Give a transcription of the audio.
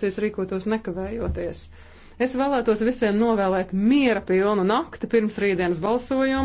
institūcijas rīkotos nekavējoties. Es vēlētos visiem novēlēt miera pilnu nakti pirms rītdienas balsojuma.